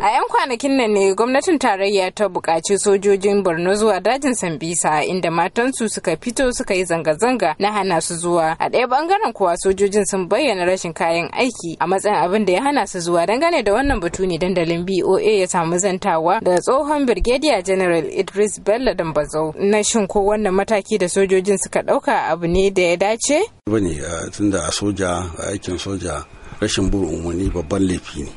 A 'yan kwanakin nan ne gwamnatin tarayya ta buƙaci sojojin Borno zuwa dajin Sambisa inda matansu suka fito suka yi zanga-zanga na hana su zuwa. A ɗaya bangaren kuwa sojojin sun bayyana rashin kayan aiki a matsayin abin da ya hana su zuwa dangane da wannan batu ne dandalin BOA ya samu zantawa da tsohon Birgediya General Idris Bello Dambazo. Na shin ko wannan mataki da sojojin suka ɗauka abu ne da ya dace? Bane eh, tunda a soja aikin soja rashin burin wani babban laifi ne.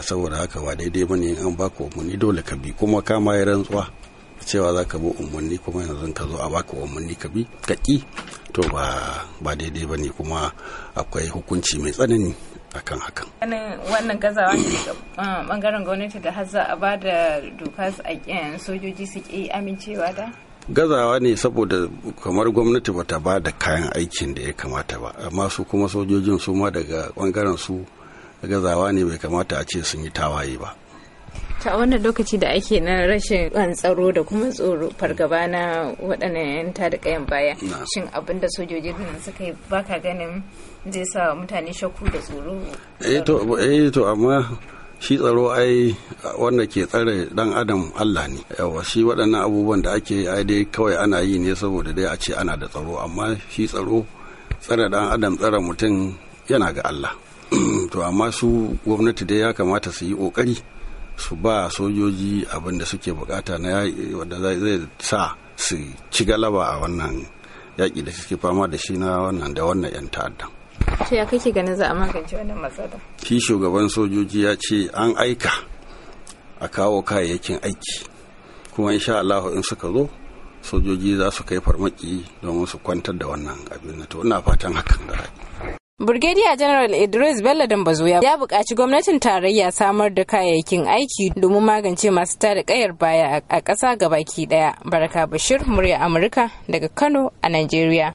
saboda haka ba daidai ba ne an baka umarni dole ka bi kuma ka ma rantsuwa cewa za ka bi umarni kuma yanzu ka zo a baka umarni ka bi ka to ba ba daidai ba kuma akwai hukunci mai tsanani akan hakan wannan gazawa bangaren gwamnati da har za a ba da doka eh, sojoji su ki amincewa da gazawa ne saboda kamar gwamnati bata ba da kayan aikin da ya kamata ba amma su kuma sojojin su ma daga bangaren su gazawa ne bai kamata a ce sun yi tawaye ba ta wannan lokaci da ake na rashin tsaro da kuma tsoro fargaba na waɗannan 'yan da kayan baya shin abin da sojoji nan suka yi baka ganin zai sa mutane shakku da tsoro eh to eh amma shi tsaro ai wanda ke tsare dan adam Allah ne yawa shi waɗannan abubuwan da ake ai dai kawai ana yi ne saboda dai a ce ana da tsaro amma shi tsaro tsare dan adam tsare mutum yana ga Allah to amma su gwamnati dai ya kamata su yi ƙoƙari su ba sojoji abin da suke bukata na wanda zai sa su ci galaba a wannan yaƙi da suke fama da shi na wannan da wannan 'yan ta'adda. to ya kake ganin za a magance wannan matsala shi shugaban sojoji ya ce an aika a kawo kayayyakin aiki kuma insha Allah in suka zo sojoji za su kai farmaki domin su kwantar da wannan abin to ina fatan hakan da burgediya General Idris Bello Dambazo ya buƙaci gwamnatin tarayya samar da kayayyakin aiki domin magance masu tada kayar baya a ƙasa gabaki ɗaya. Baraka Bashir, murya Amurka daga Kano a Najeriya.